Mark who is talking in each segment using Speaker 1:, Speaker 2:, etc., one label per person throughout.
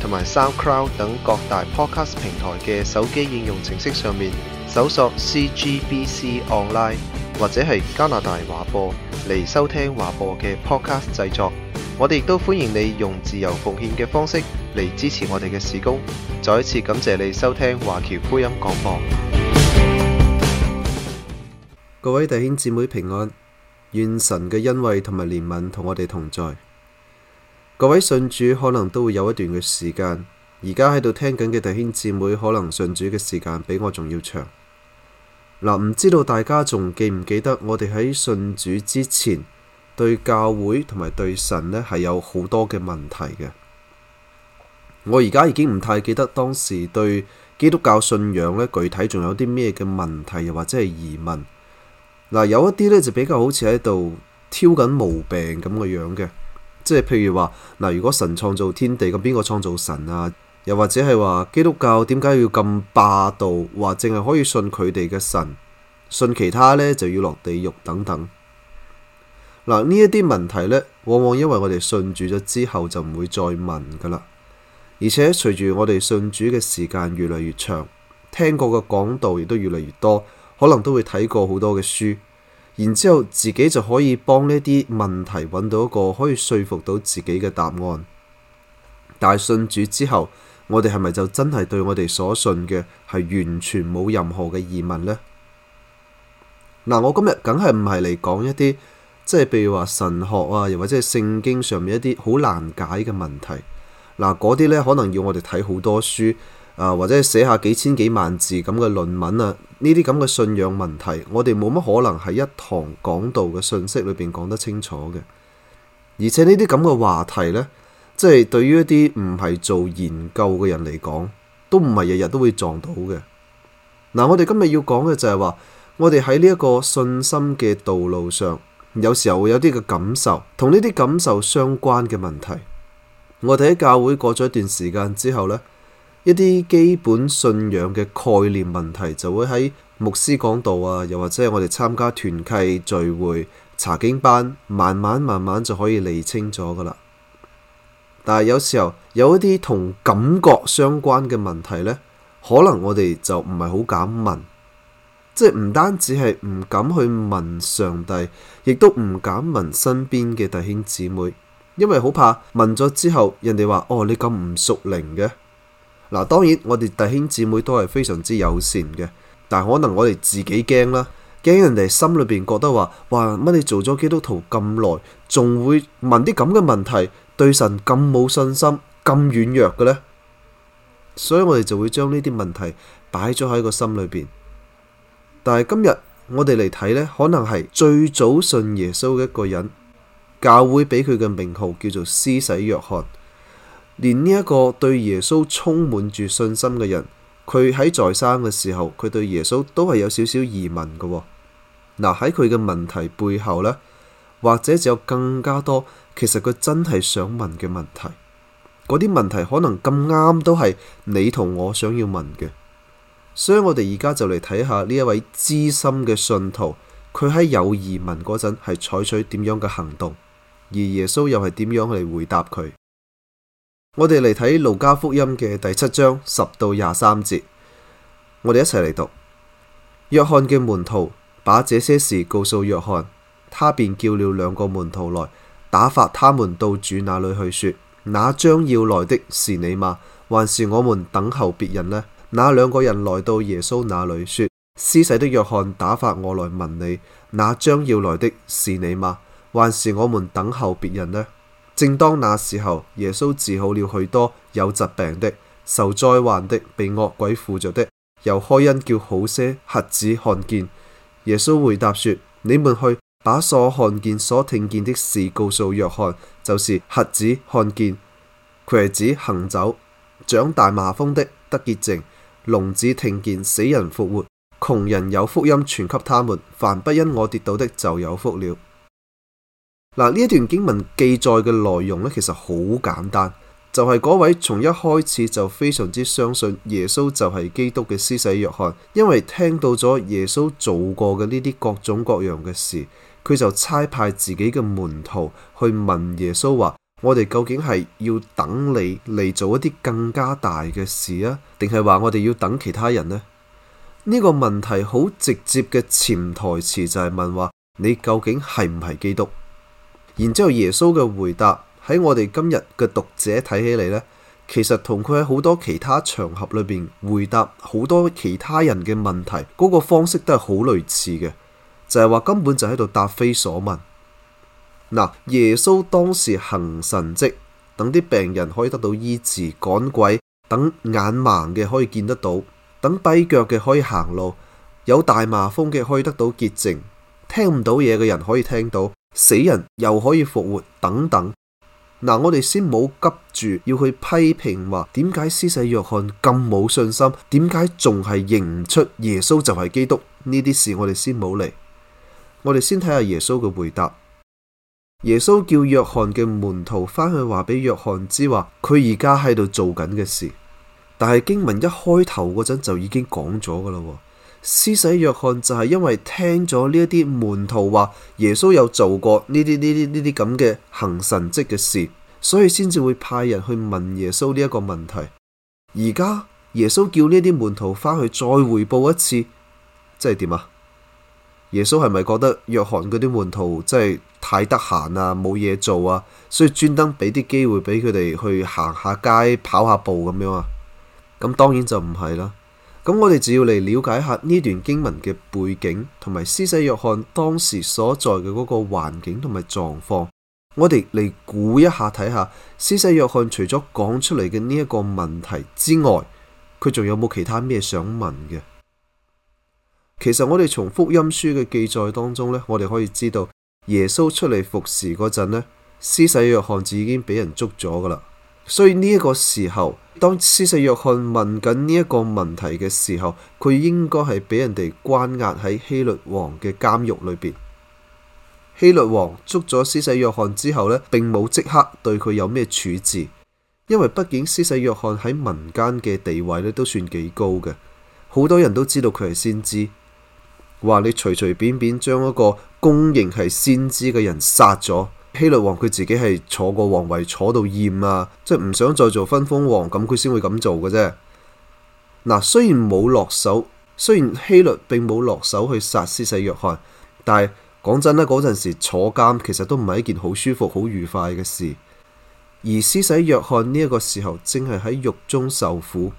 Speaker 1: 同埋 SoundCloud 等各大 Podcast 平台嘅手機應用程式上面，搜索 CGBC Online 或者係加拿大華播嚟收聽華播嘅 Podcast 製作。我哋亦都歡迎你用自由奉獻嘅方式嚟支持我哋嘅事工。再一次感謝你收聽華僑福音廣播。各位弟兄姊妹平安，願神嘅恩惠同埋憐憫同我哋同在。各位信主可能都會有一段嘅時間，而家喺度聽緊嘅弟兄姊妹可能信主嘅時間比我仲要長。嗱，唔知道大家仲記唔記得我哋喺信主之前對教會同埋對神咧係有好多嘅問題嘅？我而家已經唔太記得當時對基督教信仰咧具體仲有啲咩嘅問題，又或者係疑問。嗱、呃，有一啲咧就比較好似喺度挑緊毛病咁嘅樣嘅。即係譬如話嗱，如果神創造天地，咁邊個創造神啊？又或者係話基督教點解要咁霸道？話淨係可以信佢哋嘅神，信其他呢就要落地獄等等。嗱，呢一啲問題呢，往往因為我哋信主咗之後就唔會再問噶啦。而且隨住我哋信主嘅時間越嚟越長，聽過嘅講道亦都越嚟越多，可能都會睇過好多嘅書。然之後，自己就可以幫呢啲問題揾到一個可以說服到自己嘅答案。但係信主之後，我哋係咪就真係對我哋所信嘅係完全冇任何嘅疑問呢？嗱、啊，我今日梗係唔係嚟講一啲，即係譬如話神學啊，又或者係聖經上面一啲好難解嘅問題。嗱、啊，嗰啲咧可能要我哋睇好多書。啊，或者寫下幾千幾萬字咁嘅論文啊，呢啲咁嘅信仰問題，我哋冇乜可能喺一堂講道嘅信息裏邊講得清楚嘅。而且呢啲咁嘅話題呢，即係對於一啲唔係做研究嘅人嚟講，都唔係日日都會撞到嘅。嗱，我哋今日要講嘅就係話，我哋喺呢一個信心嘅道路上，有時候會有啲嘅感受，同呢啲感受相關嘅問題。我哋喺教會過咗一段時間之後呢，一啲基本信仰嘅概念問題，就會喺牧師講道啊，又或者係我哋參加團契聚會、查經班，慢慢慢慢就可以理清楚噶啦。但係有時候有一啲同感覺相關嘅問題呢，可能我哋就唔係好敢問，即係唔單止係唔敢去問上帝，亦都唔敢問身邊嘅弟兄姊妹，因為好怕問咗之後人哋話：哦，你咁唔屬靈嘅。嗱，當然我哋弟兄姊妹都係非常之友善嘅，但可能我哋自己驚啦，驚人哋心裏邊覺得話：哇，乜你做咗基督徒咁耐，仲會問啲咁嘅問題，對神咁冇信心、咁軟弱嘅呢？所以我哋就會將呢啲問題擺咗喺個心裏邊。但係今日我哋嚟睇呢，可能係最早信耶穌嘅一個人，教會俾佢嘅名號叫做施洗約翰。連呢一個對耶穌充滿住信心嘅人，佢喺在，在生嘅時候，佢對耶穌都係有少少疑問嘅、哦。嗱、啊，喺佢嘅問題背後呢，或者就有更加多，其實佢真係想問嘅問題。嗰啲問題可能咁啱都係你同我想要問嘅。所以我哋而家就嚟睇下呢一位資深嘅信徒，佢喺有疑問嗰陣係採取點樣嘅行動，而耶穌又係點樣嚟回答佢。我哋嚟睇路加福音嘅第七章十到廿三節，我哋一齊嚟讀。約翰嘅門徒把這些事告訴約翰，他便叫了兩個門徒來，打發他們到主那裡去說：那將要來的是你嗎？還是我們等候別人呢？那兩個人來到耶穌那裡說：施洗的約翰打發我來問你，那將要來的是你嗎？還是我們等候別人呢？正當那時候，耶穌治好了許多有疾病的、受災患的、被惡鬼附着的，又開恩叫好些瞎子看見。耶穌回答說：你們去把所看見、所聽見的事告訴約翰，就是瞎子看見、瘸子行走、長大麻風的得潔淨、聾子聽見、死人復活、窮人有福音傳給他們，凡不因我跌倒的就有福了。嗱，呢一段經文記載嘅內容呢，其實好簡單，就係、是、嗰位從一開始就非常之相信耶穌就係基督嘅施洗約翰，因為聽到咗耶穌做過嘅呢啲各種各樣嘅事，佢就差派自己嘅門徒去問耶穌話：我哋究竟係要等你嚟做一啲更加大嘅事啊，定係話我哋要等其他人呢？呢、這個問題好直接嘅潛台詞就係問話，你究竟係唔係基督？然之後，耶穌嘅回答喺我哋今日嘅讀者睇起嚟呢，其實同佢喺好多其他場合裏邊回答好多其他人嘅問題嗰個方式都係好類似嘅，就係話根本就喺度答非所問。嗱，耶穌當時行神跡，等啲病人可以得到醫治，趕鬼，等眼盲嘅可以見得到，等跛腳嘅可以行路，有大麻風嘅可以得到潔淨，聽唔到嘢嘅人可以聽到。死人又可以復活，等等。嗱，我哋先冇急住要去批評話，點解施洗約翰咁冇信心，點解仲係認唔出耶穌就係基督，呢啲事我，我哋先冇嚟。我哋先睇下耶穌嘅回答。耶穌叫約翰嘅門徒返去話俾約翰知話，佢而家喺度做緊嘅事。但係經文一開頭嗰陣就已經講咗㗎喇。施洗約翰就係因為聽咗呢一啲門徒話耶穌有做過呢啲呢啲呢啲咁嘅、行神蹟嘅事，所以先至會派人去問耶穌呢一個問題。而家耶穌叫呢啲門徒返去再回報一次，即係點啊？耶穌係咪覺得約翰嗰啲門徒即係太得閒啊，冇嘢做啊，所以專登俾啲機會畀佢哋去行下街、跑下步咁樣啊？咁當然就唔係啦。咁我哋只要嚟了解下呢段經文嘅背景，同埋施洗約翰當時所在嘅嗰個環境同埋狀況，我哋嚟估一下睇下，施洗約翰除咗講出嚟嘅呢一個問題之外，佢仲有冇其他咩想問嘅？其實我哋從福音書嘅記載當中呢，我哋可以知道耶穌出嚟服侍嗰陣呢，施洗約翰就已經俾人捉咗噶啦。所以呢一個時候，當施洗約翰問緊呢一個問題嘅時候，佢應該係俾人哋關押喺希律王嘅監獄裏邊。希律王捉咗施洗約翰之後呢，並冇即刻對佢有咩處置，因為畢竟施洗約翰喺民間嘅地位咧都算幾高嘅，好多人都知道佢係先知，話你隨隨便便便將一個公認係先知嘅人殺咗。希律王佢自己係坐過皇位，坐到厭啊，即係唔想再做分封王，咁佢先會咁做嘅啫。嗱，雖然冇落手，雖然希律並冇落手去殺施洗約翰，但係講真啦，嗰陣時坐監其實都唔係一件好舒服、好愉快嘅事。而施洗約翰呢一個時候正係喺獄中受苦，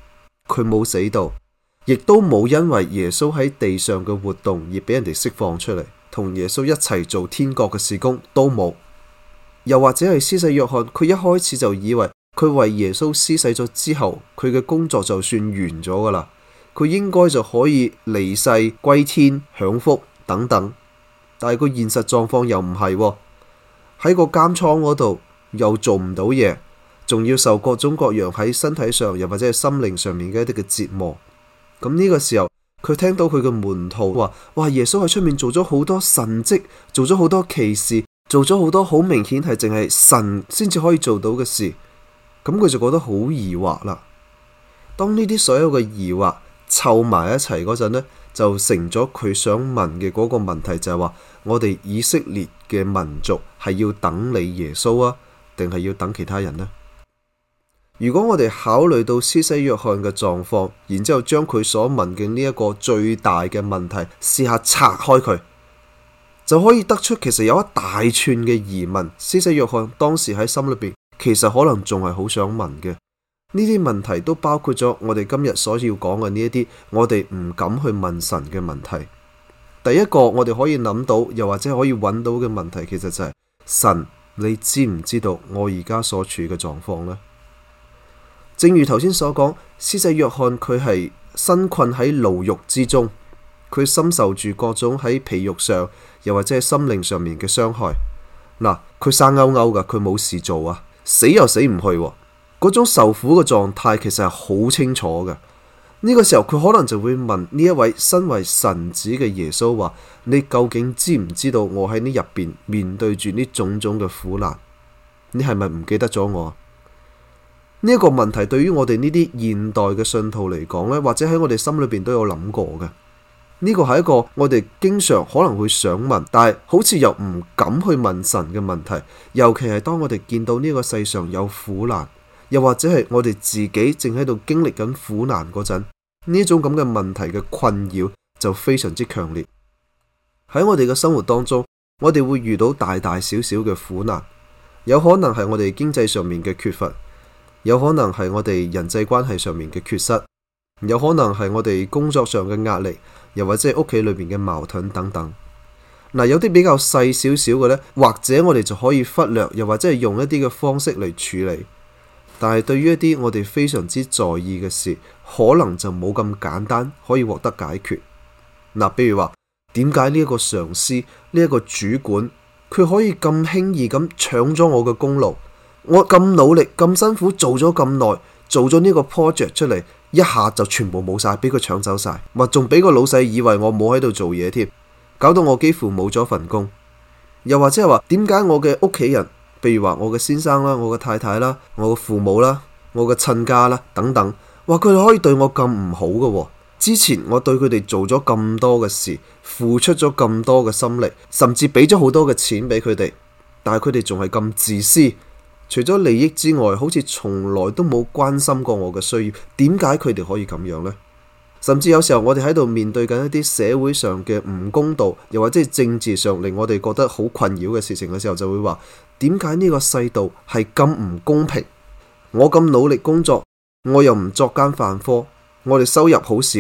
Speaker 1: 佢冇死到，亦都冇因為耶穌喺地上嘅活動而俾人哋釋放出嚟，同耶穌一齊做天國嘅事工都冇。又或者係施洗約翰，佢一開始就以為佢為耶穌施洗咗之後，佢嘅工作就算完咗噶啦，佢應該就可以離世歸天享福等等。但係佢現實狀況又唔係喎，喺個監倉嗰度又做唔到嘢，仲要受各種各樣喺身體上又或者係心靈上面嘅一啲嘅折磨。咁呢個時候，佢聽到佢嘅門徒話，哇，耶穌喺出面做咗好多神跡，做咗好多奇事。做咗好多好明顯係淨係神先至可以做到嘅事，咁佢就覺得好疑惑啦。當呢啲所有嘅疑惑湊埋一齊嗰陣呢，就成咗佢想問嘅嗰個問題就，就係話「我哋以色列嘅民族係要等你耶穌啊，定係要等其他人呢？」如果我哋考慮到施洗約翰嘅狀況，然之後將佢所問嘅呢一個最大嘅問題，試下拆開佢。就可以得出，其實有一大串嘅疑問。施洗約翰當時喺心裏邊，其實可能仲係好想問嘅。呢啲問題都包括咗我哋今日所要講嘅呢一啲，我哋唔敢去問神嘅問題。第一個我哋可以諗到，又或者可以揾到嘅問題，其實就係神，你知唔知道我而家所處嘅狀況呢？正如頭先所講，施洗約翰佢係身困喺牢獄之中，佢深受住各種喺皮肉上。又或者係心靈上面嘅傷害，嗱，佢生勾勾㗎，佢冇事做啊，死又死唔去啊，嗰種受苦嘅狀態其實係好清楚嘅。呢個時候佢可能就會問呢一位身為神子嘅耶穌話，你究竟知唔知道我喺呢入邊面對住呢種種嘅苦難？你係咪唔記得咗我？呢一個問題對於我哋呢啲現代嘅信徒嚟講咧，或者喺我哋心裏邊都有諗過嘅。呢個係一個我哋經常可能會想問，但係好似又唔敢去問神嘅問題。尤其係當我哋見到呢個世上有苦難，又或者係我哋自己正喺度經歷緊苦難嗰陣，呢種咁嘅問題嘅困擾就非常之強烈。喺我哋嘅生活當中，我哋會遇到大大小小嘅苦難，有可能係我哋經濟上面嘅缺乏，有可能係我哋人際關係上面嘅缺失，有可能係我哋工作上嘅壓力。又或者屋企裏面嘅矛盾等等，嗱、呃、有啲比較細少少嘅呢，或者我哋就可以忽略，又或者係用一啲嘅方式嚟處理。但係對於一啲我哋非常之在意嘅事，可能就冇咁簡單可以獲得解決。嗱、呃，比如話，點解呢一個上司呢一個主管佢可以咁輕易咁搶咗我嘅功勞？我咁努力咁辛苦做咗咁耐，做咗呢個 project 出嚟。一下就全部冇晒，俾佢搶走晒，或仲俾個老細以為我冇喺度做嘢添，搞到我幾乎冇咗份工。又或者係話，點解我嘅屋企人，譬如話我嘅先生啦、我嘅太太啦、我嘅父母啦、我嘅親家啦等等，話佢哋可以對我咁唔好嘅？之前我對佢哋做咗咁多嘅事，付出咗咁多嘅心力，甚至俾咗好多嘅錢俾佢哋，但係佢哋仲係咁自私。除咗利益之外，好似從來都冇關心過我嘅需要。點解佢哋可以咁樣呢？甚至有時候我哋喺度面對緊一啲社會上嘅唔公道，又或者係政治上令我哋覺得好困擾嘅事情嘅時候，就會話：點解呢個世道係咁唔公平？我咁努力工作，我又唔作奸犯科，我哋收入好少，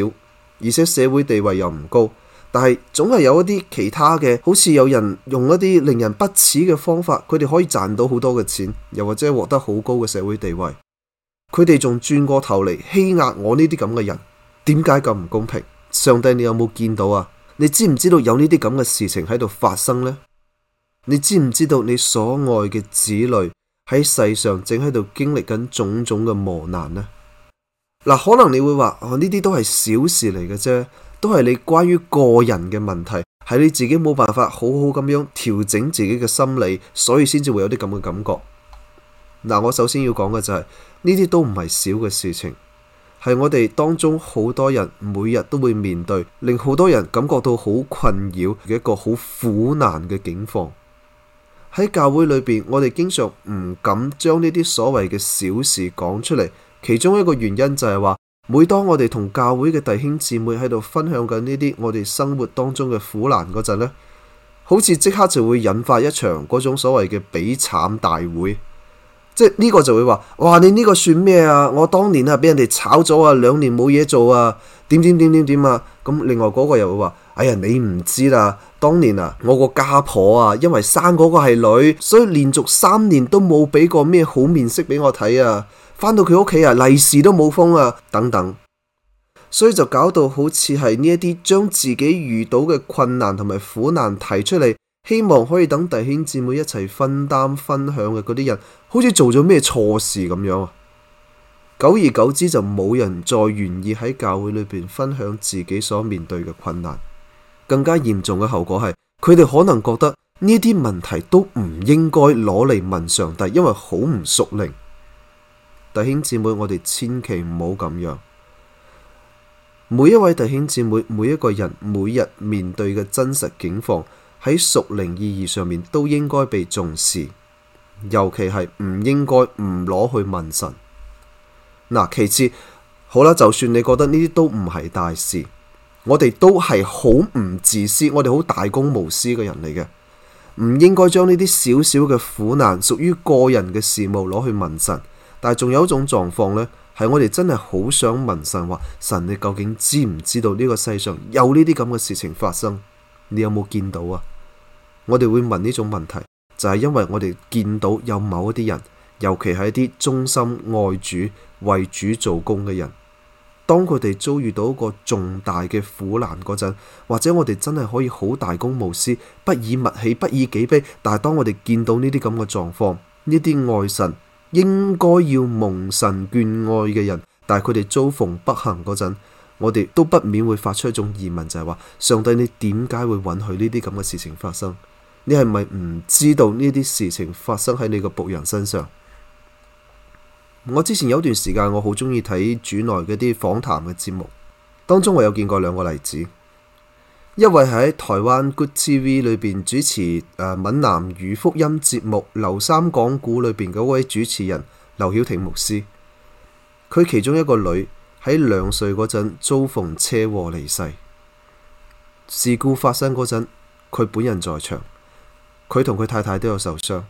Speaker 1: 而且社會地位又唔高。但係總係有一啲其他嘅，好似有人用一啲令人不齒嘅方法，佢哋可以賺到好多嘅錢，又或者獲得好高嘅社會地位。佢哋仲轉過頭嚟欺壓我呢啲咁嘅人，點解咁唔公平？上帝，你有冇見到啊？你知唔知道有呢啲咁嘅事情喺度發生呢？你知唔知道你所愛嘅子女喺世上正喺度經歷緊種種嘅磨難呢？嗱，可能你會話哦，呢啲都係小事嚟嘅啫。都係你關於個人嘅問題，係你自己冇辦法好好咁樣調整自己嘅心理，所以先至會有啲咁嘅感覺。嗱，我首先要講嘅就係呢啲都唔係小嘅事情，係我哋當中好多人每日都會面對，令好多人感覺到好困擾嘅一個好苦難嘅境況。喺教會裏邊，我哋經常唔敢將呢啲所謂嘅小事講出嚟，其中一個原因就係話。每當我哋同教會嘅弟兄姊妹喺度分享緊呢啲我哋生活當中嘅苦難嗰陣呢，好似即刻就會引發一場嗰種所謂嘅比慘大會，即係呢個就會話：哇，你呢個算咩啊？我當年啊，俾人哋炒咗啊，兩年冇嘢做啊，點點點點點啊！咁另外嗰個又會話：哎呀，你唔知啦，啊，當年啊，我個家婆啊，因為生嗰個係女，所以連續三年都冇俾過咩好面色俾我睇啊！返到佢屋企啊，利是都冇封啊，等等，所以就搞到好似係呢一啲將自己遇到嘅困難同埋苦難提出嚟，希望可以等弟兄姊妹一齊分擔分享嘅嗰啲人，好似做咗咩錯事咁樣啊！久而久之就冇人再願意喺教會裏邊分享自己所面對嘅困難。更加嚴重嘅後果係，佢哋可能覺得呢啲問題都唔應該攞嚟問上帝，因為好唔屬靈。弟兄姊妹，我哋千祈唔好咁樣。每一位弟兄姊妹，每一個人每日面對嘅真實境況，喺屬靈意義上面都應該被重視，尤其係唔應該唔攞去問神。嗱、啊，其次好啦，就算你覺得呢啲都唔係大事，我哋都係好唔自私，我哋好大公無私嘅人嚟嘅，唔應該將呢啲小小嘅苦難，屬於個人嘅事務攞去問神。但係仲有一種狀況呢，係我哋真係好想問神話，神你究竟知唔知道呢個世上有呢啲咁嘅事情發生？你有冇見到啊？我哋會問呢種問題，就係因為我哋見到有某一啲人，尤其係一啲忠心愛主、為主做工嘅人，當佢哋遭遇到一個重大嘅苦難嗰陣，或者我哋真係可以好大公無私，不以物喜，不以己悲。但係當我哋見到呢啲咁嘅狀況，呢啲愛神。應該要蒙神眷愛嘅人，但係佢哋遭逢不幸嗰陣，我哋都不免會發出一種疑問，就係話：上帝，你點解會允許呢啲咁嘅事情發生？你係咪唔知道呢啲事情發生喺你個僕人身上？我之前有段時間，我好鍾意睇主內嗰啲訪談嘅節目，當中我有見過兩個例子。一位喺台灣 Good TV 裏邊主持、呃、閩南語福音節目《劉三講古》裏邊嘅一位主持人劉曉廷牧師，佢其中一個女喺兩歲嗰陣遭逢車禍離世。事故發生嗰陣，佢本人在場，佢同佢太太都有受傷，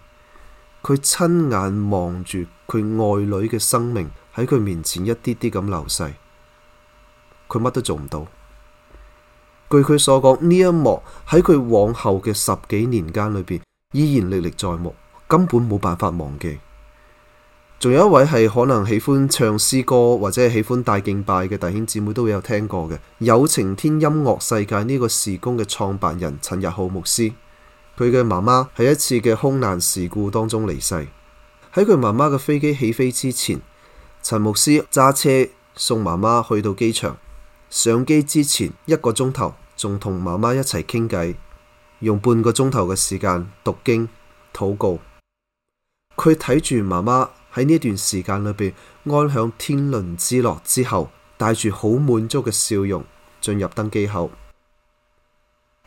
Speaker 1: 佢親眼望住佢愛女嘅生命喺佢面前一啲啲咁流逝，佢乜都做唔到。據佢所講，呢一幕喺佢往後嘅十幾年間裏邊，依然歷歷在目，根本冇辦法忘記。仲有一位係可能喜歡唱詩歌或者喜歡大敬拜嘅弟兄姊妹都會有聽過嘅《有情天音樂世界》呢個事工嘅創辦人陳日浩牧師。佢嘅媽媽喺一次嘅空難事故當中離世。喺佢媽媽嘅飛機起飛之前，陳牧師揸車送媽媽去到機場。上機之前一個鐘頭，仲同媽媽一齊傾偈，用半個鐘頭嘅時間讀經、禱告。佢睇住媽媽喺呢段時間裏邊安享天倫之樂之後，帶住好滿足嘅笑容進入登機口。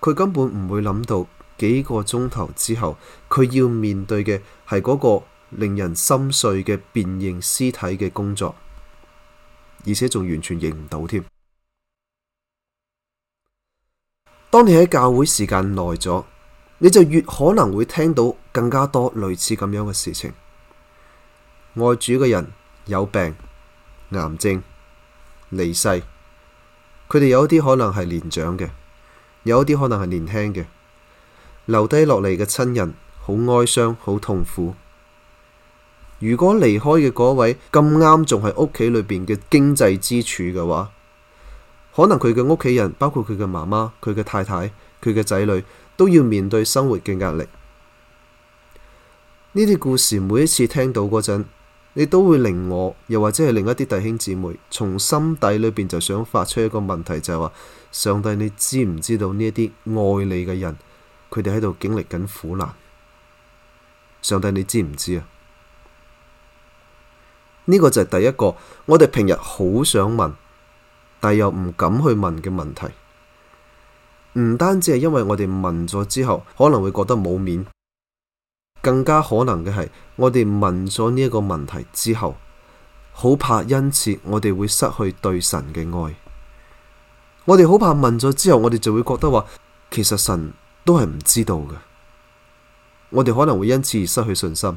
Speaker 1: 佢根本唔會諗到幾個鐘頭之後，佢要面對嘅係嗰個令人心碎嘅辨認屍體嘅工作，而且仲完全認唔到添。當你喺教會時間耐咗，你就越可能會聽到更加多類似咁樣嘅事情。愛主嘅人有病、癌症、離世，佢哋有一啲可能係年長嘅，有、有一啲可能係年輕嘅。留低落嚟嘅親人好哀傷、好痛苦。如果離開嘅嗰位咁啱仲喺屋企裏邊嘅經濟支柱嘅話，可能佢嘅屋企人，包括佢嘅媽媽、佢嘅太太、佢嘅仔女，都要面對生活嘅壓力。呢啲故事每一次聽到嗰陣，你都會令我，又或者係另一啲弟兄姊妹，從心底裏邊就想發出一個問題，就係話：上帝，你知唔知道呢一啲愛你嘅人，佢哋喺度經歷緊苦難？上帝，你知唔知啊？呢個就係第一個，我哋平日好想問。但又唔敢去問嘅問題，唔單止係因為我哋問咗之後可能會覺得冇面，更加可能嘅係我哋問咗呢一個問題之後，好怕因此我哋會失去對神嘅愛。我哋好怕問咗之後，我哋就會覺得話，其實神都係唔知道嘅。我哋可能會因此而失去信心，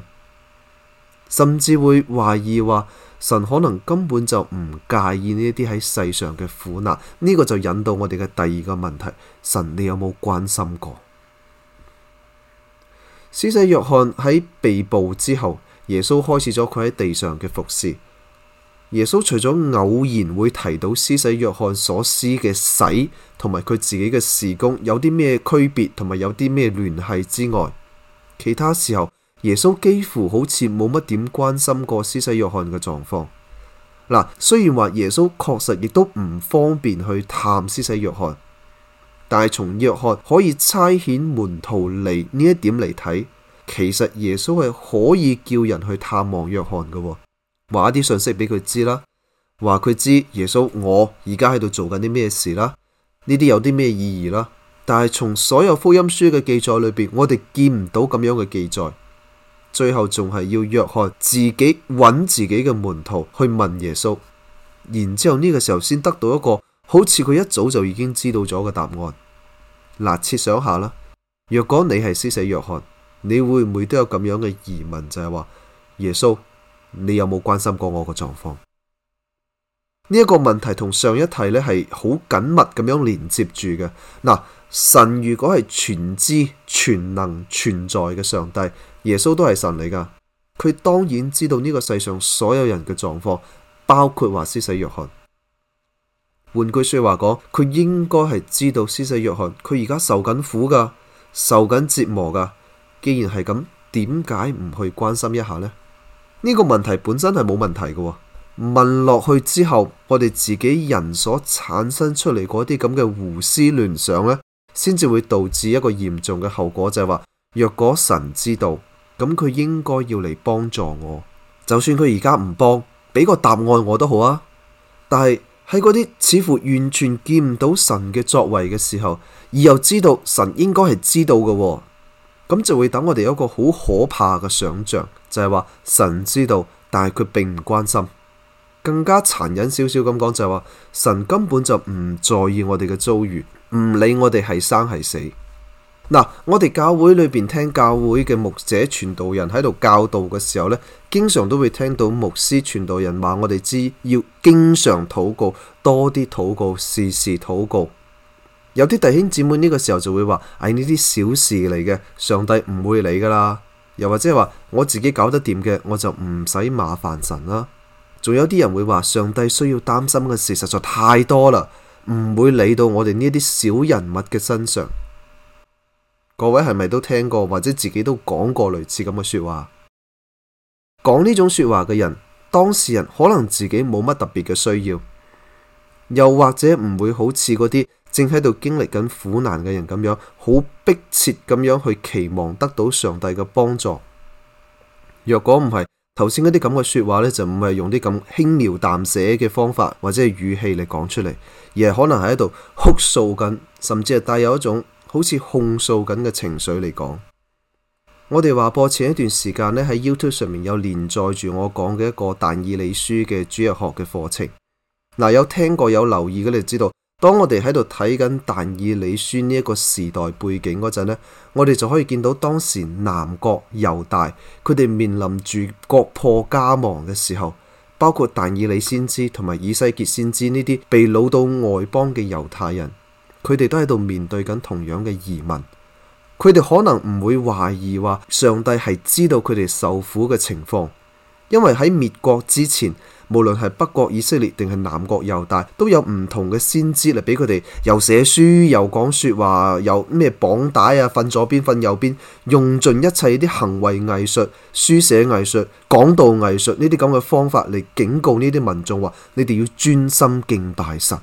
Speaker 1: 甚至會懷疑話。神可能根本就唔介意呢啲喺世上嘅苦難，呢、這個就引導我哋嘅第二個問題：神，你有冇關心過？施洗約翰喺被捕之後，耶穌開始咗佢喺地上嘅服侍。耶穌除咗偶然會提到施洗約翰所施嘅洗，同埋佢自己嘅事工有啲咩區別，同埋有啲咩聯繫之外，其他時候，耶穌幾乎好似冇乜點關心過施洗約翰嘅狀況。嗱，雖然話耶穌確實亦都唔方便去探施洗約翰，但係從約翰可以差遣門徒嚟呢一點嚟睇，其實耶穌係可以叫人去探望約翰嘅，話一啲信息俾佢知啦，話佢知耶穌我而家喺度做緊啲咩事啦，呢啲有啲咩意義啦。但係從所有福音書嘅記載裏邊，我哋見唔到咁樣嘅記載。最後仲係要約翰自己揾自己嘅門徒去問耶穌，然之後呢個時候先得到一個好似佢一早就已經知道咗嘅答案。嗱，設想下啦，若果你係施洗約翰，你會唔會都有咁樣嘅疑問，就係話耶穌，你有冇關心過我嘅狀況？呢一個問題同上一題呢係好緊密咁樣連接住嘅。嗱。神如果係全知、全能、存在嘅上帝，耶穌都係神嚟噶，佢當然知道呢個世上所有人嘅狀況，包括話施洗約翰。換句說話講，佢應該係知道施洗約翰佢而家受緊苦噶，受緊折磨噶。既然係咁，點解唔去關心一下呢？呢個問題本身係冇問題噶，問落去之後，我哋自己人所產生出嚟嗰啲咁嘅胡思亂想咧，先至會導致一個嚴重嘅後果，就係話若果神知道，咁佢應該要嚟幫助我，就算佢而家唔幫，俾個答案我都好啊。但係喺嗰啲似乎完全見唔到神嘅作為嘅時候，而又知道神應該係知道嘅，咁就會等我哋有一個好可怕嘅想象，就係話神知道，但係佢並唔關心。更加殘忍少少咁講就話神根本就唔在意我哋嘅遭遇，唔理我哋係生係死。嗱，我哋教會裏邊聽教會嘅牧者傳道人喺度教導嘅時候呢，經常都會聽到牧師傳道人話我哋知，要經常禱告，多啲禱告，事事禱告。有啲弟兄姊妹呢個時候就會話：哎，呢啲小事嚟嘅，上帝唔會理噶啦。又或者係話我自己搞得掂嘅，我就唔使麻煩神啦。仲有啲人會話上帝需要擔心嘅事實在太多啦，唔會理到我哋呢啲小人物嘅身上。各位係咪都聽過或者自己都講過類似咁嘅說話？講呢種說話嘅人，當事人可能自己冇乜特別嘅需要，又或者唔會好似嗰啲正喺度經歷緊苦難嘅人咁樣，好迫切咁樣去期望得到上帝嘅幫助。若果唔係，頭先嗰啲咁嘅說話呢，就唔係用啲咁輕描淡寫嘅方法或者語氣嚟講出嚟，而係可能喺度哭訴緊，甚至係帶有一種好似控訴緊嘅情緒嚟講。我哋話播前一段時間呢，喺 YouTube 上面有連載住我講嘅一個但以理書嘅主日學嘅課程。嗱、嗯，有聽過有留意嘅，你就知道。當我哋喺度睇緊但以理書呢一個時代背景嗰陣呢，我哋就可以見到當時南國猶大，佢哋面臨住國破家亡嘅時候，包括但以理先知同埋以西結先知呢啲被擄到外邦嘅猶太人，佢哋都喺度面對緊同樣嘅疑問。佢哋可能唔會懷疑話上帝係知道佢哋受苦嘅情況，因為喺滅國之前。無論係北國以色列定係南國猶大，都有唔同嘅先知嚟俾佢哋又寫書又講說話又咩綁帶啊，瞓左邊瞓右邊，用盡一切啲行為藝術、書寫藝術、講道藝術呢啲咁嘅方法嚟警告呢啲民眾話：你哋要專心敬拜神，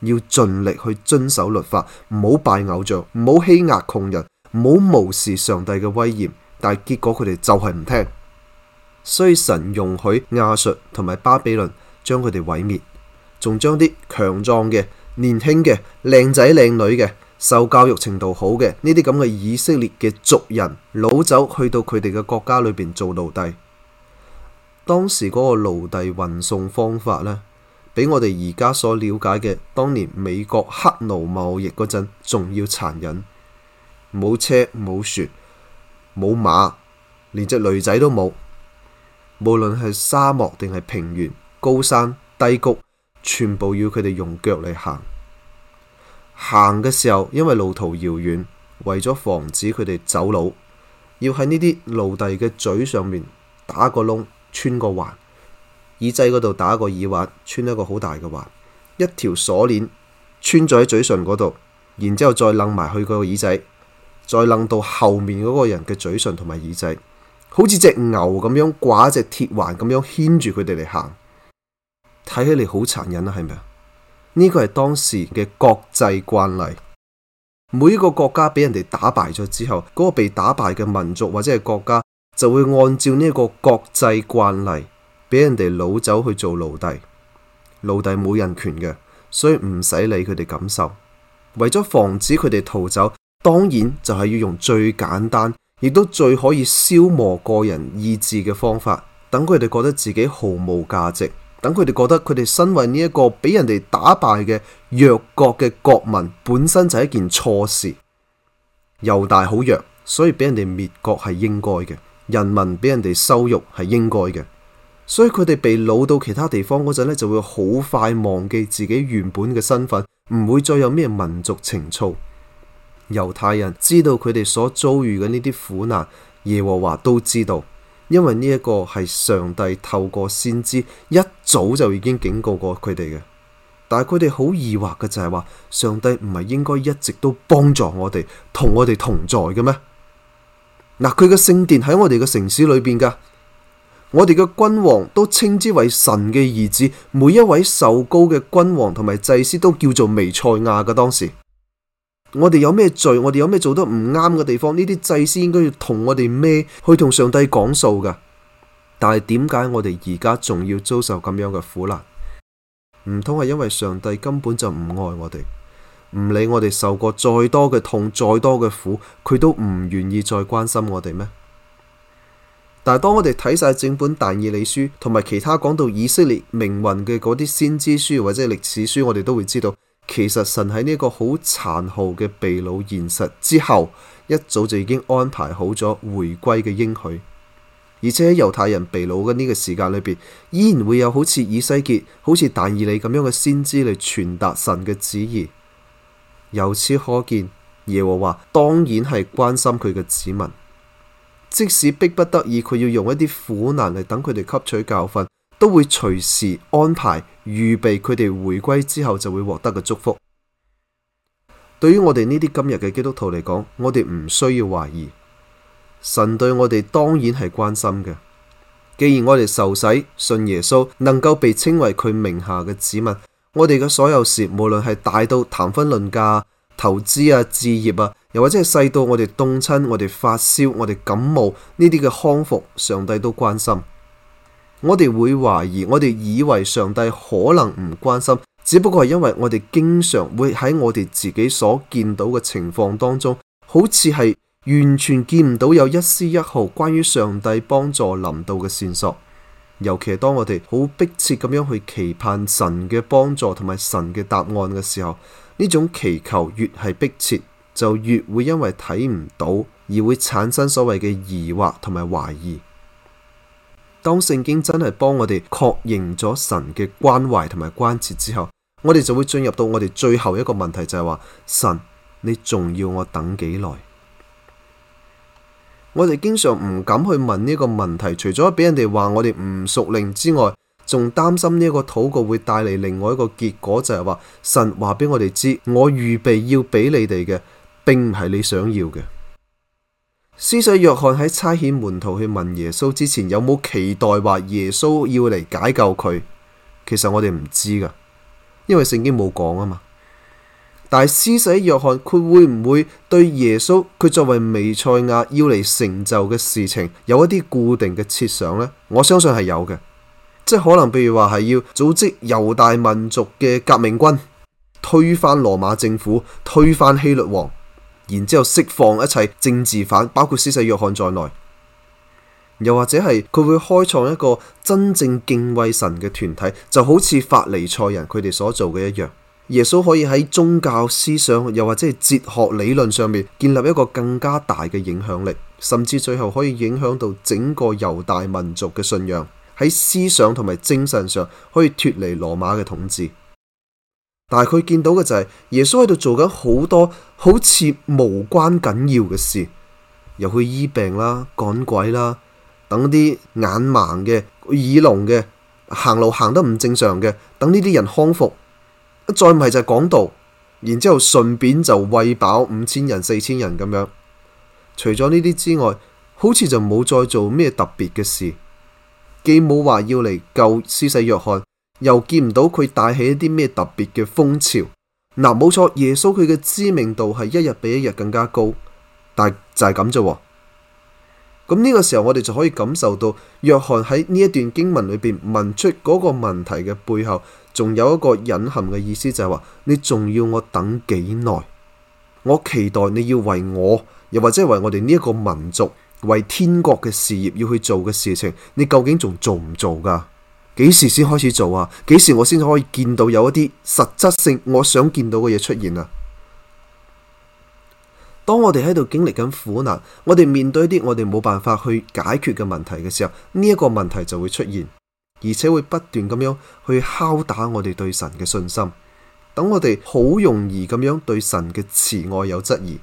Speaker 1: 要盡力去遵守律法，唔好拜偶像，唔好欺壓窮人，唔好無視上帝嘅威嚴。但係結果佢哋就係唔聽。衰神容許亞述同埋巴比倫將佢哋毀滅，仲將啲強壯嘅、年輕嘅、靚仔靚女嘅、受教育程度好嘅呢啲咁嘅以色列嘅族人擄走去到佢哋嘅國家裏邊做奴隸。當時嗰個奴隸運送方法呢，比我哋而家所了解嘅當年美國黑奴貿易嗰陣仲要殘忍，冇車冇船冇馬，連隻驢仔都冇。無論係沙漠定係平原、高山、低谷，全部要佢哋用腳嚟行。行嘅時候，因為路途遙遠，為咗防止佢哋走佬，要喺呢啲奴隸嘅嘴上面打個窿，穿個環；耳仔嗰度打個耳環，穿一個好大嘅環。一條鎖鏈穿咗喺嘴唇嗰度，然之後再冧埋去個耳仔，再冧到後面嗰個人嘅嘴唇同埋耳仔。好似隻牛咁樣，掛隻鐵環咁樣牽住佢哋嚟行，睇起嚟好殘忍啊，係咪啊？呢個係當時嘅國際慣例，每一個國家俾人哋打敗咗之後，嗰個被打敗嘅民族或者係國家就會按照呢個國際慣例俾人哋擄走去做奴隸，奴隸冇人權嘅，所以唔使理佢哋感受。為咗防止佢哋逃走，當然就係要用最簡單。亦都最可以消磨個人意志嘅方法，等佢哋覺得自己毫無價值，等佢哋覺得佢哋身為呢一個俾人哋打敗嘅弱國嘅國民，本身就係一件錯事。又大好弱，所以俾人哋滅國係應該嘅，人民俾人哋羞辱係應該嘅，所以佢哋被擄到其他地方嗰陣咧，就會好快忘記自己原本嘅身份，唔會再有咩民族情操。猶太人知道佢哋所遭遇嘅呢啲苦難，耶和華都知道，因為呢一個係上帝透過先知一早就已經警告過佢哋嘅。但係佢哋好疑惑嘅就係話，上帝唔係應該一直都幫助我哋，同我哋同在嘅咩？嗱，佢嘅聖殿喺我哋嘅城市裏邊噶，我哋嘅君王都稱之為神嘅兒子，每一位受膏嘅君王同埋祭司都叫做彌賽亞嘅當時。我哋有咩罪？我哋有咩做得唔啱嘅地方？呢啲祭司應該要同我哋咩去同上帝講數噶？但係點解我哋而家仲要遭受咁樣嘅苦難？唔通係因為上帝根本就唔愛我哋，唔理我哋受過再多嘅痛、再多嘅苦，佢都唔願意再關心我哋咩？但係當我哋睇晒整本但以理書，同埋其他講到以色列命運嘅嗰啲先知書或者歷史書，我哋都會知道。其實神喺呢個好殘酷嘅被擄現實之後，一早就已經安排好咗回歸嘅應許，而且喺猶太人被擄嘅呢個時間裏邊，依然會有好似以西結、好似但以理咁樣嘅先知嚟傳達神嘅旨意。由此可見，耶和華當然係關心佢嘅子民，即使逼不得已，佢要用一啲苦難嚟等佢哋吸取教訓。都會隨時安排預備佢哋回歸之後就會獲得嘅祝福。對於我哋呢啲今日嘅基督徒嚟講，我哋唔需要懷疑，神對我哋當然係關心嘅。既然我哋受洗信耶穌，能夠被稱為佢名下嘅子民，我哋嘅所有事，無論係大到談婚論嫁、投資啊、置業啊，又或者係細到我哋凍親、我哋發燒、我哋感冒呢啲嘅康復，上帝都關心。我哋會懷疑，我哋以為上帝可能唔關心，只不過係因為我哋經常會喺我哋自己所見到嘅情況當中，好似係完全見唔到有一絲一毫關於上帝幫助臨到嘅線索。尤其係當我哋好迫切咁樣去期盼神嘅幫助同埋神嘅答案嘅時候，呢種祈求越係迫切，就越會因為睇唔到，而會產生所謂嘅疑惑同埋懷疑。當聖經真係幫我哋確認咗神嘅關懷同埋關切之後，我哋就會進入到我哋最後一個問題，就係話神，你仲要我等幾耐？我哋經常唔敢去問呢個問題，除咗俾人哋話我哋唔屬靈之外，仲擔心呢一個禱告會帶嚟另外一個結果，就係話神話俾我哋知，我預備要俾你哋嘅，並唔係你想要嘅。施洗約翰喺差遣門徒去問耶穌之前，有冇期待話耶穌要嚟解救佢？其實我哋唔知噶，因為聖經冇講啊嘛。但係施洗約翰佢會唔會對耶穌佢作為彌賽亞要嚟成就嘅事情有一啲固定嘅設想呢？我相信係有嘅，即係可能譬如話係要組織猶大民族嘅革命軍，推翻羅馬政府，推翻希律王。然之後釋放一切政治犯，包括施洗約翰在內。又或者係佢會開創一個真正敬畏神嘅團體，就好似法利賽人佢哋所做嘅一樣。耶穌可以喺宗教思想，又或者係哲學理論上面建立一個更加大嘅影響力，甚至最後可以影響到整個猶大民族嘅信仰，喺思想同埋精神上可以脫離羅馬嘅統治。但係佢見到嘅就係耶穌喺度做緊好多好似無關緊要嘅事，又去醫病啦、趕鬼啦，等啲眼盲嘅、耳聾嘅、行路行得唔正常嘅，等呢啲人康復。再唔係就係講道，然之後順便就餵飽五千人、四千人咁樣。除咗呢啲之外，好似就冇再做咩特別嘅事。既冇話要嚟救施洗約翰。又見唔到佢帶起一啲咩特別嘅風潮嗱。冇錯，耶穌佢嘅知名度係一日比一日更加高，但就係咁啫。咁呢個時候我哋就可以感受到約翰喺呢一段經文裏邊問出嗰個問題嘅背後，仲有一個隱含嘅意思就係話，你仲要我等幾耐？我期待你要為我，又或者係為我哋呢一個民族、為天國嘅事業要去做嘅事情，你究竟仲做唔做噶？幾時先開始做啊？幾時我先可以見到有一啲實質性我想見到嘅嘢出現啊？當我哋喺度經歷緊苦難，我哋面對一啲我哋冇辦法去解決嘅問題嘅時候，呢一個問題就會出現，而且會不斷咁樣去敲打我哋對神嘅信心。等我哋好容易咁樣對神嘅慈愛有質疑，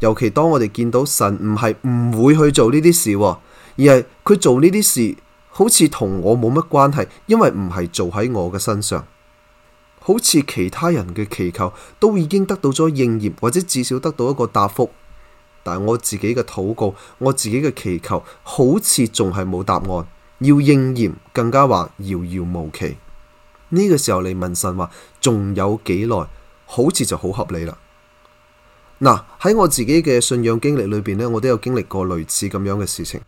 Speaker 1: 尤其當我哋見到神唔係唔會去做呢啲事，而係佢做呢啲事。好似同我冇乜關係，因為唔係做喺我嘅身上，好似其他人嘅祈求都已經得到咗應驗，或者至少得到一個答覆但係我自己嘅禱告，我自己嘅祈求，好似仲係冇答案，要應驗更加話遙遙無期。呢個時候你問神話，仲有幾耐？好似就好合理啦。嗱、啊，喺我自己嘅信仰經歷裏邊呢，我都有經歷過類似咁樣嘅事情。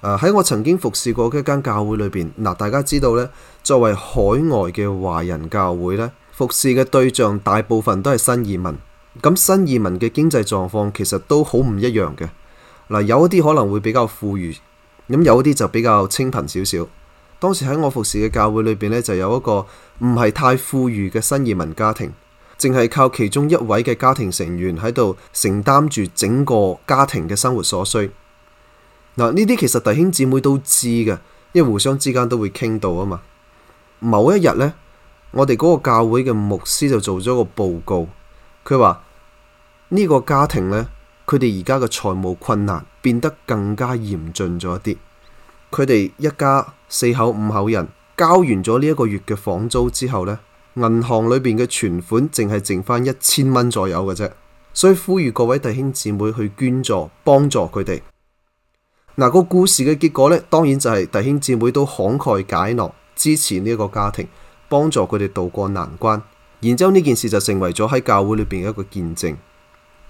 Speaker 1: 喺我曾經服侍過嘅一間教會裏邊，嗱，大家知道咧，作為海外嘅華人教會咧，服侍嘅對象大部分都係新移民。咁新移民嘅經濟狀況其實都好唔一樣嘅。嗱，有一啲可能會比較富裕，咁有啲就比較清貧少少。當時喺我服侍嘅教會裏邊咧，就有一個唔係太富裕嘅新移民家庭，淨係靠其中一位嘅家庭成員喺度承擔住整個家庭嘅生活所需。嗱，呢啲其實弟兄姊妹都知嘅，因為互相之間都會傾到啊嘛。某一日呢，我哋嗰個教會嘅牧師就做咗個報告，佢話呢個家庭呢，佢哋而家嘅財務困難變得更加嚴峻咗一啲。佢哋一家四口五口人交完咗呢一個月嘅房租之後呢，銀行裏邊嘅存款淨係剩翻一千蚊左右嘅啫，所以呼籲各位弟兄姊妹去捐助，幫助佢哋。嗱，個故事嘅結果咧，當然就係弟兄姊妹都慷慨解囊，支持呢一個家庭，幫助佢哋渡過難關。然之後呢件事就成為咗喺教會裏邊嘅一個見證。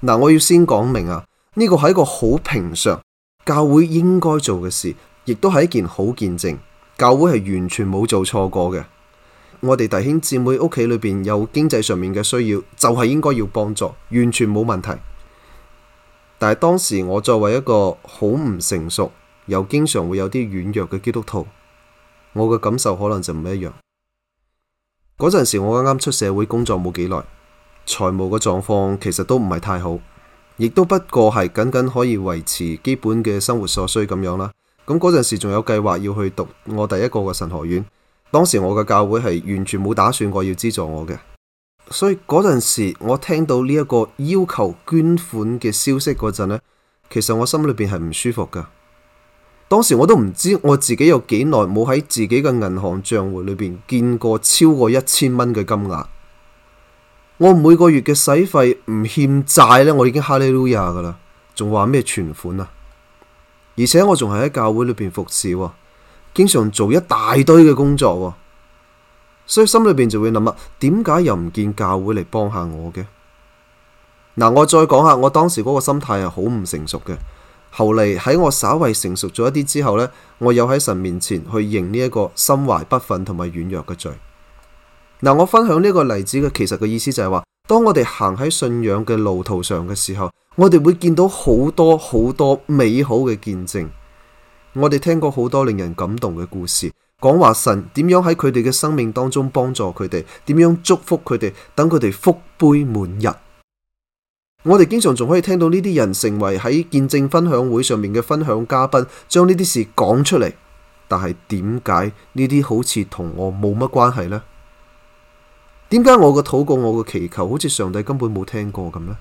Speaker 1: 嗱，我要先講明啊，呢、這個係一個好平常教會應該做嘅事，亦都係一件好見證。教會係完全冇做錯過嘅。我哋弟兄姊妹屋企裏邊有經濟上面嘅需要，就係、是、應該要幫助，完全冇問題。但係當時我作為一個好唔成熟又經常會有啲軟弱嘅基督徒，我嘅感受可能就唔一樣。嗰陣時我啱啱出社會工作冇幾耐，財務嘅狀況其實都唔係太好，亦都不過係僅僅可以維持基本嘅生活所需咁樣啦。咁嗰陣時仲有計劃要去讀我第一個嘅神學院，當時我嘅教會係完全冇打算過要資助我嘅。所以嗰陣時，我聽到呢一個要求捐款嘅消息嗰陣呢，其實我心裏邊係唔舒服噶。當時我都唔知我自己有幾耐冇喺自己嘅銀行賬戶裏邊見過超過一千蚊嘅金額。我每個月嘅使費唔欠債呢，我已經哈利路亞噶啦，仲話咩存款啊？而且我仲係喺教會裏邊服侍，經常做一大堆嘅工作。所以心裏邊就會諗啊，點解又唔見教會嚟幫下我嘅？嗱，我再講下我當時嗰個心態係好唔成熟嘅。後嚟喺我稍為成熟咗一啲之後呢，我又喺神面前去認呢一個心懷不忿同埋軟弱嘅罪。嗱，我分享呢個例子嘅，其實嘅意思就係話，當我哋行喺信仰嘅路途上嘅時候，我哋會見到好多好多美好嘅見證。我哋聽過好多令人感動嘅故事。講話神點樣喺佢哋嘅生命當中幫助佢哋，點樣祝福佢哋，等佢哋福杯滿溢。我哋經常仲可以聽到呢啲人成為喺見證分享會上面嘅分享嘉賓，將呢啲事講出嚟。但係點解呢啲好似同我冇乜關係呢？點解我嘅禱告、我嘅祈求，好似上帝根本冇聽過咁呢？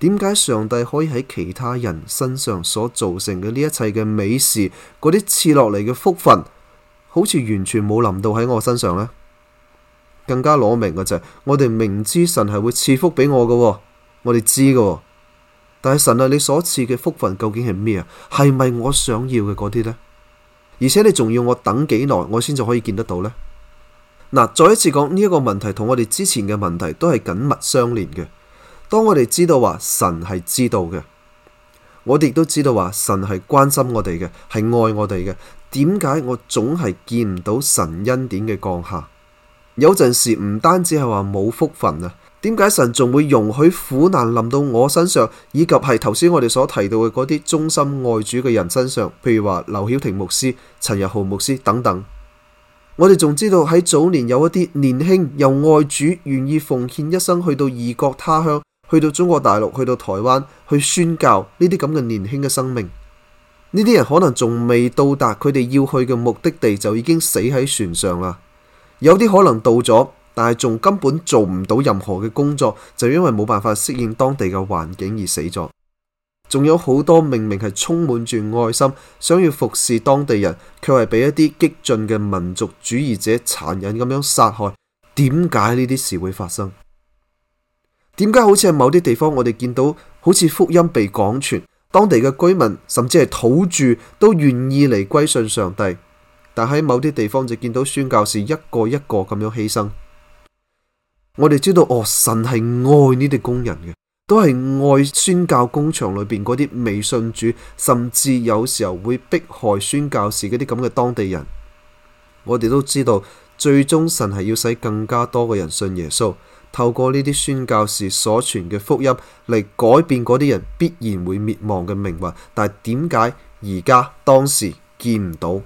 Speaker 1: 點解上帝可以喺其他人身上所造成嘅呢一切嘅美事，嗰啲賜落嚟嘅福分？好似完全冇臨到喺我身上呢。更加攞命嘅就係、是，我哋明知神係會賜福俾我嘅，哦，我哋知嘅，哦，但係神啊，你所賜嘅福分究竟係咩啊？係咪我想要嘅嗰啲呢？而且你仲要我等幾耐，我先就可以見得到呢？嗱，再一次講呢一、這個問題，同我哋之前嘅問題都係緊密相連嘅。當我哋知道話神係知道嘅，我哋都知道話神係關心我哋嘅，係愛我哋嘅。點解我總係見唔到神恩典嘅降下？有陣時唔單止係話冇福分啊，點解神仲會容許苦難臨到我身上，以及係頭先我哋所提到嘅嗰啲忠心愛主嘅人身上？譬如話劉曉婷牧師、陳日豪牧師等等，我哋仲知道喺早年有一啲年輕又愛主，願意奉獻一生去到異國他鄉，去到中國大陸，去到台灣去宣教呢啲咁嘅年輕嘅生命。呢啲人可能仲未到達佢哋要去嘅目的地就已經死喺船上啦，有啲可能到咗，但係仲根本做唔到任何嘅工作，就因為冇辦法適應當地嘅環境而死咗。仲有好多明明係充滿住愛心，想要服侍當地人，卻係俾一啲激進嘅民族主義者殘忍咁樣殺害。點解呢啲事會發生？點解好似喺某啲地方我哋見到，好似福音被廣傳？當地嘅居民甚至係土著都願意嚟歸信上帝，但喺某啲地方就見到宣教士一個一個咁樣犧牲。我哋知道哦，神係愛呢啲工人嘅，都係愛宣教工場裏邊嗰啲未信主，甚至有時候會迫害宣教士嗰啲咁嘅當地人。我哋都知道，最終神係要使更加多嘅人信耶穌。透過呢啲宣教士所傳嘅福音嚟改變嗰啲人必然會滅亡嘅命運，但係點解而家當時見唔到？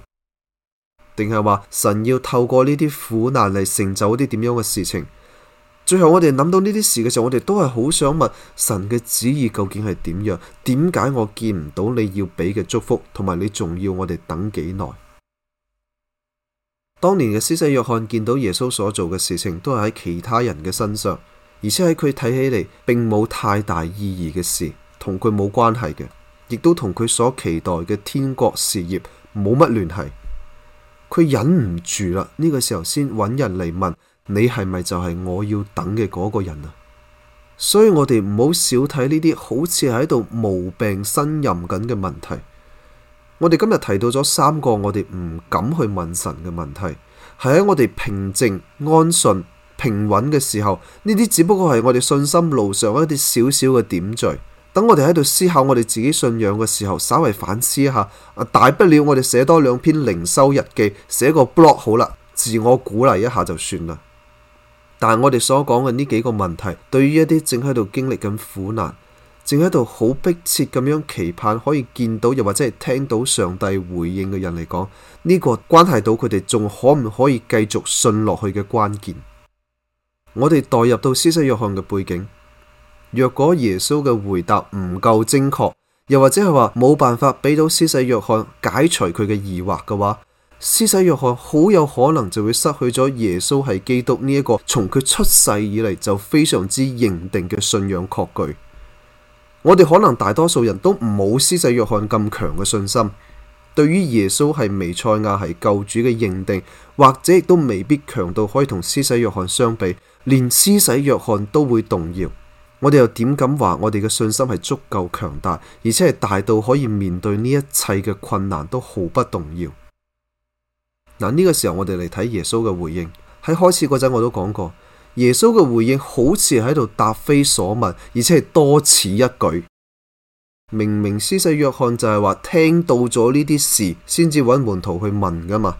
Speaker 1: 定係話神要透過呢啲苦難嚟成就一啲點樣嘅事情？最後我哋諗到呢啲事嘅時候，我哋都係好想問神嘅旨意究竟係點樣？點解我見唔到你要畀嘅祝福，同埋你仲要我哋等幾耐？當年嘅施洗約翰見到耶穌所做嘅事情，都係喺其他人嘅身上，而且喺佢睇起嚟，並冇太大意義嘅事，同佢冇關係嘅，亦都同佢所期待嘅天國事業冇乜聯繫。佢忍唔住啦，呢個時候先揾人嚟問：你係咪就係我要等嘅嗰個人啊？所以我哋唔好少睇呢啲好似喺度無病呻吟緊嘅問題。我哋今日提到咗三個我哋唔敢去問神嘅問題，係喺我哋平靜、安順、平穩嘅時候，呢啲只不過係我哋信心路上一啲小小嘅點綴。等我哋喺度思考我哋自己信仰嘅時候，稍為反思一下，大不了我哋寫多兩篇靈修日記，寫個 blog 好啦，自我鼓勵一下就算啦。但係我哋所講嘅呢幾個問題，對於一啲正喺度經歷緊苦難，正喺度好迫切咁樣期盼可以見到又或者係聽到上帝回應嘅人嚟講，呢、這個關係到佢哋仲可唔可以繼續信落去嘅關鍵。我哋代入到施洗約翰嘅背景，若果耶穌嘅回答唔夠精確，又或者係話冇辦法俾到施洗約翰解除佢嘅疑惑嘅話，施洗約翰好有可能就會失去咗耶穌係基督呢、這、一個從佢出世以嚟就非常之認定嘅信仰確據。我哋可能大多數人都冇施洗約翰咁強嘅信心，對於耶穌係彌賽亞係救主嘅認定，或者亦都未必強到可以同施洗約翰相比，連施洗約翰都會動搖。我哋又點敢話我哋嘅信心係足夠強大，而且係大到可以面對呢一切嘅困難都毫不動搖？嗱、這、呢個時候我哋嚟睇耶穌嘅回應，喺開始嗰陣我都講過。耶穌嘅回應好似喺度答非所問，而且係多此一舉。明明施洗約翰就係話聽到咗呢啲事，先至揾門徒去問㗎嘛。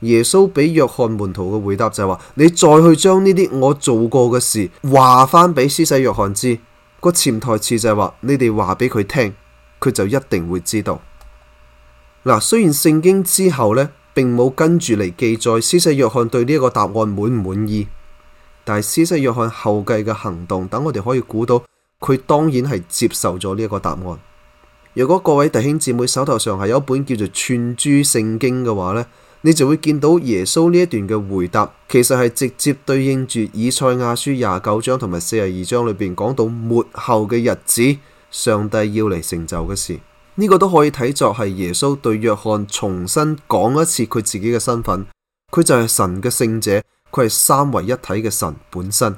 Speaker 1: 耶穌俾約翰門徒嘅回答就係話：你再去將呢啲我做過嘅事話返俾施洗約翰知。個潛台詞就係話，你哋話俾佢聽，佢就一定會知道。嗱，雖然聖經之後呢，並冇跟住嚟記載施洗約翰對呢個答案滿唔滿意。但係施洗約翰後繼嘅行動，等我哋可以估到佢當然係接受咗呢一個答案。如果各位弟兄姊妹手頭上係有一本叫做串珠聖經嘅話呢，你就會見到耶穌呢一段嘅回答，其實係直接對應住以賽亞書廿九章同埋四十二章裏邊講到末後嘅日子，上帝要嚟成就嘅事。呢個都可以睇作係耶穌對約翰重新講一次佢自己嘅身份，佢就係神嘅聖者。佢係三位一體嘅神本身。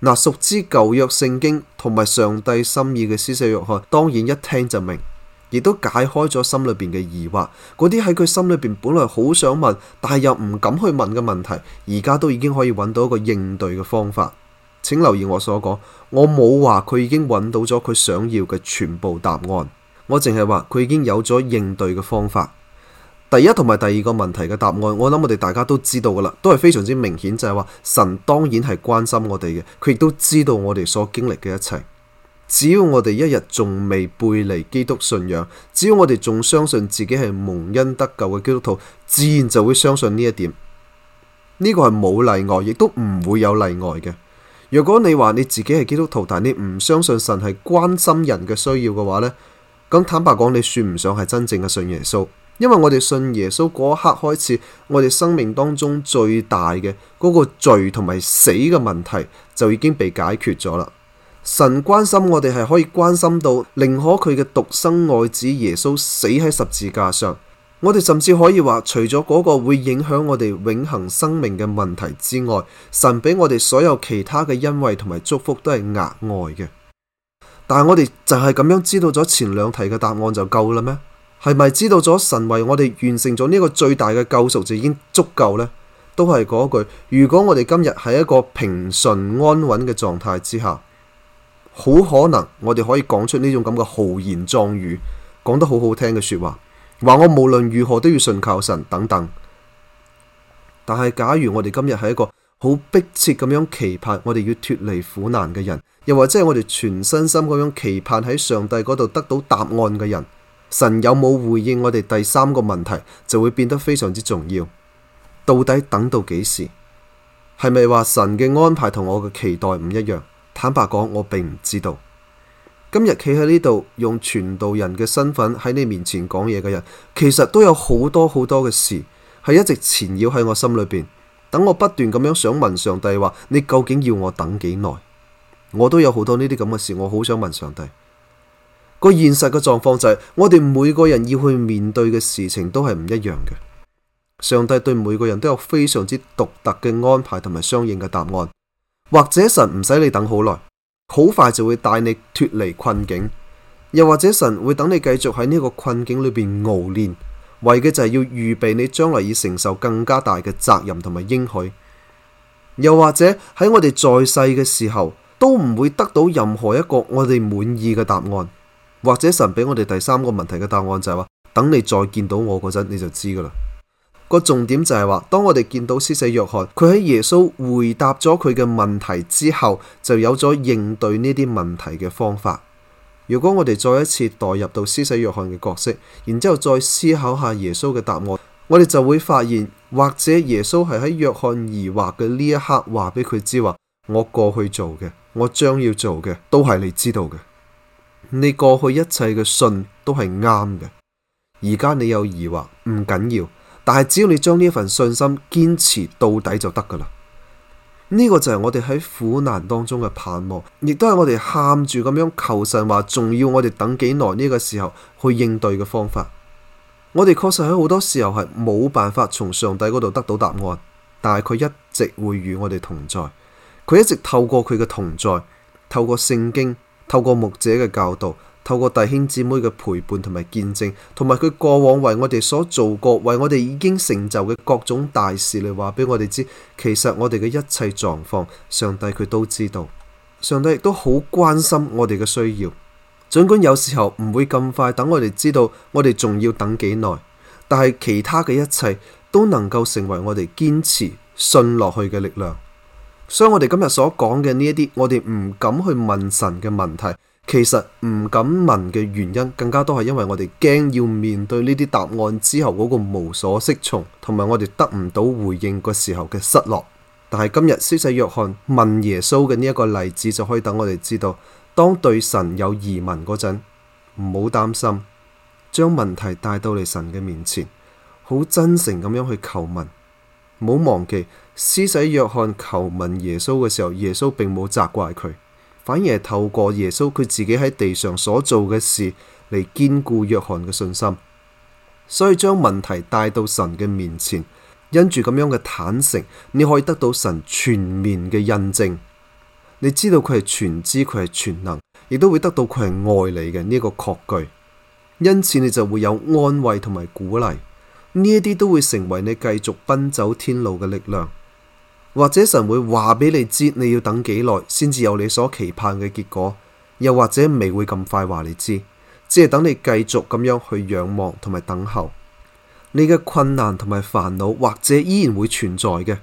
Speaker 1: 嗱，熟知舊約聖經同埋上帝心意嘅施洗約翰，當然一聽就明，亦都解開咗心裏邊嘅疑惑。嗰啲喺佢心裏邊本來好想問，但係又唔敢去問嘅問題，而家都已經可以揾到一個應對嘅方法。請留意我所講，我冇話佢已經揾到咗佢想要嘅全部答案，我淨係話佢已經有咗應對嘅方法。第一同埋第二個問題嘅答案，我諗我哋大家都知道噶啦，都係非常之明顯，就係話神當然係關心我哋嘅，佢亦都知道我哋所經歷嘅一切。只要我哋一日仲未背離基督信仰，只要我哋仲相信自己係蒙恩得救嘅基督徒，自然就會相信呢一點。呢個係冇例外，亦都唔會有例外嘅。如果你話你自己係基督徒，但你唔相信神係關心人嘅需要嘅話呢，咁坦白講，你算唔上係真正嘅信耶穌。因為我哋信耶穌嗰一刻開始，我哋生命當中最大嘅嗰個罪同埋死嘅問題就已經被解決咗啦。神關心我哋係可以關心到，寧可佢嘅獨生愛子耶穌死喺十字架上。我哋甚至可以話，除咗嗰個會影響我哋永恒生命嘅問題之外，神俾我哋所有其他嘅恩惠同埋祝福都係額外嘅。但係我哋就係咁樣知道咗前兩題嘅答案就夠啦咩？係咪知道咗神為我哋完成咗呢個最大嘅救贖就已經足夠呢？都係嗰句：如果我哋今日喺一個平順安穩嘅狀態之下，好可能我哋可以講出呢種咁嘅豪言壯語，講得好好聽嘅說話，話我無論如何都要信靠神等等。但係假如我哋今日係一個好迫切咁樣期盼我哋要脫離苦難嘅人，又或者係我哋全身心咁樣期盼喺上帝嗰度得到答案嘅人。神有冇回應我哋第三個問題，就會變得非常之重要。到底等到幾時？係咪話神嘅安排同我嘅期待唔一樣？坦白講，我並唔知道。今日企喺呢度，用傳道人嘅身份喺你面前講嘢嘅人，其實都有好多好多嘅事係一直纏繞喺我心裏邊，等我不斷咁樣想問上帝話：你究竟要我等幾耐？我都有好多呢啲咁嘅事，我好想問上帝。個現實嘅狀況就係，我哋每個人要去面對嘅事情都係唔一樣嘅。上帝對每個人都有非常之獨特嘅安排同埋相應嘅答案，或者神唔使你等好耐，好快就會帶你脫離困境；又或者神會等你繼續喺呢個困境裏邊熬練，為嘅就係要預備你將來要承受更加大嘅責任同埋應許；又或者喺我哋在世嘅時候都唔會得到任何一個我哋滿意嘅答案。或者神俾我哋第三個問題嘅答案就係話，等你再見到我嗰陣你就知噶啦。個重點就係話，當我哋見到施洗約翰，佢喺耶穌回答咗佢嘅問題之後，就有咗應對呢啲問題嘅方法。如果我哋再一次代入到施洗約翰嘅角色，然之後再思考下耶穌嘅答案，我哋就會發現，或者耶穌係喺約翰疑惑嘅呢一刻，話俾佢知話：我過去做嘅，我將要做嘅，都係你知道嘅。你過去一切嘅信都係啱嘅，而家你有疑惑，唔緊要，但係只要你將呢份信心堅持到底就得噶啦。呢個就係我哋喺苦難當中嘅盼望，亦都係我哋喊住咁樣求神話，仲要我哋等幾耐呢個時候去應對嘅方法。我哋確實喺好多時候係冇辦法從上帝嗰度得到答案，但係佢一直會與我哋同在，佢一直透過佢嘅同在，透過聖經。透過牧者嘅教導，透過弟兄姊妹嘅陪伴同埋見證，同埋佢過往為我哋所做過、為我哋已經成就嘅各種大事嚟話俾我哋知，其實我哋嘅一切狀況，上帝佢都知道，上帝亦都好關心我哋嘅需要。盡管有時候唔會咁快等我哋知道，我哋仲要等幾耐，但係其他嘅一切都能夠成為我哋堅持信落去嘅力量。所以我哋今日所講嘅呢一啲，我哋唔敢去問神嘅問題，其實唔敢問嘅原因，更加多係因為我哋驚要面對呢啲答案之後嗰個無所適從，同埋我哋得唔到回應嘅時候嘅失落。但係今日施洗約翰問耶穌嘅呢一個例子，就可以等我哋知道，當對神有疑問嗰陣，唔好擔心，將問題帶到嚟神嘅面前，好真誠咁樣去求問，唔好忘記。施洗約翰求問耶穌嘅時候，耶穌並冇責怪佢，反而係透過耶穌佢自己喺地上所做嘅事嚟堅固約翰嘅信心。所以將問題帶到神嘅面前，因住咁樣嘅坦誠，你可以得到神全面嘅印證，你知道佢係全知，佢係全能，亦都會得到佢係愛你嘅呢一個確據。因此你就會有安慰同埋鼓勵，呢一啲都會成為你繼續奔走天路嘅力量。或者神會話俾你知，你要等幾耐先至有你所期盼嘅結果，又或者未會咁快話你知，只係等你繼續咁樣去仰望同埋等候。你嘅困難同埋煩惱或者依然會存在嘅，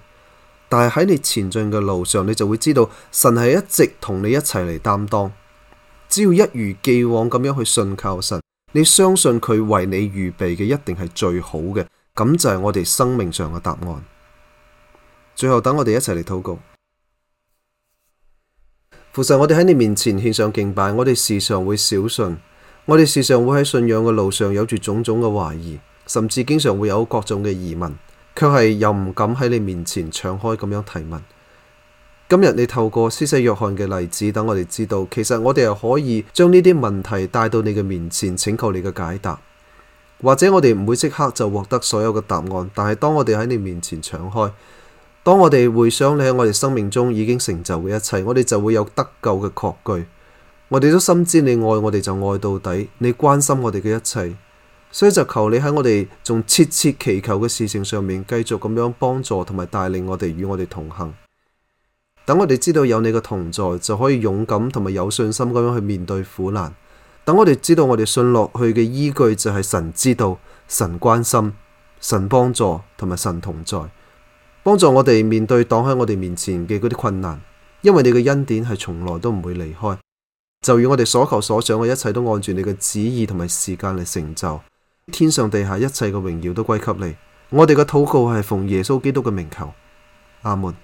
Speaker 1: 但係喺你前進嘅路上，你就會知道神係一直同你一齊嚟擔當。只要一如既往咁樣去信靠神，你相信佢為你預備嘅一定係最好嘅，咁就係我哋生命上嘅答案。最後等我哋一齊嚟禱告，父神，我哋喺你面前獻上敬拜，我哋時常會小信，我哋時常會喺信仰嘅路上有住種種嘅懷疑，甚至經常會有各種嘅疑問，卻係又唔敢喺你面前敞開咁樣提問。今日你透過施洗約翰嘅例子，等我哋知道，其實我哋又可以將呢啲問題帶到你嘅面前，請求你嘅解答。或者我哋唔會即刻就獲得所有嘅答案，但係當我哋喺你面前敞開。當我哋回想你喺我哋生命中已經成就嘅一切，我哋就會有得救嘅確據。我哋都深知你愛我哋就愛到底，你關心我哋嘅一切，所以就求你喺我哋仲切切祈求嘅事情上面，繼續咁樣幫助同埋帶領我哋與我哋同行。等我哋知道有你嘅同在，就可以勇敢同埋有信心咁樣去面對苦難。等我哋知道我哋信落去嘅依據就係神知道、神關心、神幫助同埋神同在。幫助我哋面對擋喺我哋面前嘅嗰啲困難，因為你嘅恩典係從來都唔會離開，就如我哋所求所想嘅一切都按住你嘅旨意同埋時間嚟成就。天上地下一切嘅榮耀都歸給你。我哋嘅禱告係奉耶穌基督嘅名求。阿門。